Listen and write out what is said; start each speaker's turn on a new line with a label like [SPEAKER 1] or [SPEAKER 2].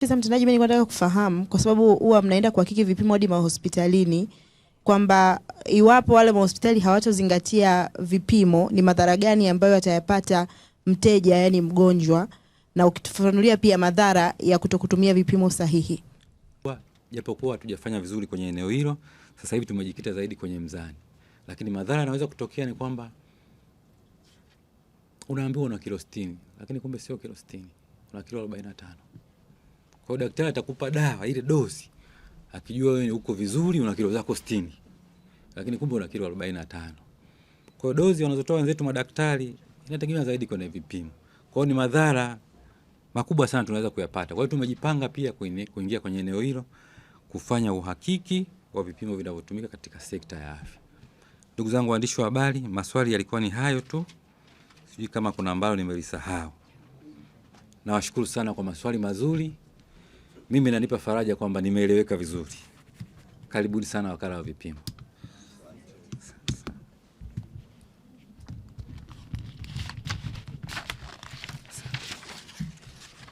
[SPEAKER 1] Sasa mtendaji, mimi nataka kufahamu kwa sababu huwa mnaenda kuhakiki vipimo hadi mahospitalini kwamba iwapo wale mahospitali hawatozingatia vipimo ni madhara gani ambayo atayapata mteja, yani mgonjwa, na ukitufafanulia pia madhara ya kutokutumia vipimo sahihi.
[SPEAKER 2] Japokuwa hatujafanya vizuri kwenye eneo hilo, sasa hivi tumejikita zaidi kwenye mzani, lakini madhara yanaweza kutokea ni kwamba unaambiwa una kilo 60 lakini kumbe sio kilo 60, una kilo 45. Kwa hiyo daktari atakupa dawa ile dozi akijua wewe uko vizuri una kilo zako 60. Lakini kumbe una kilo 45. Kwa hiyo dozi wanazotoa wenzetu madaktari inategemea zaidi kwenye vipimo. Kwa hiyo ni madhara makubwa sana tunaweza kuyapata. Kwa hiyo tumejipanga pia kuingia kwenye eneo hilo kufanya uhakiki wa vipimo vinavyotumika katika sekta ya afya. Ndugu zangu waandishi wa habari, maswali yalikuwa ni hayo tu. Sijui kama kuna ambalo nimelisahau. Nawashukuru sana kwa maswali mazuri mimi nanipa faraja kwamba nimeeleweka vizuri. Karibuni sana wakala wa vipimo.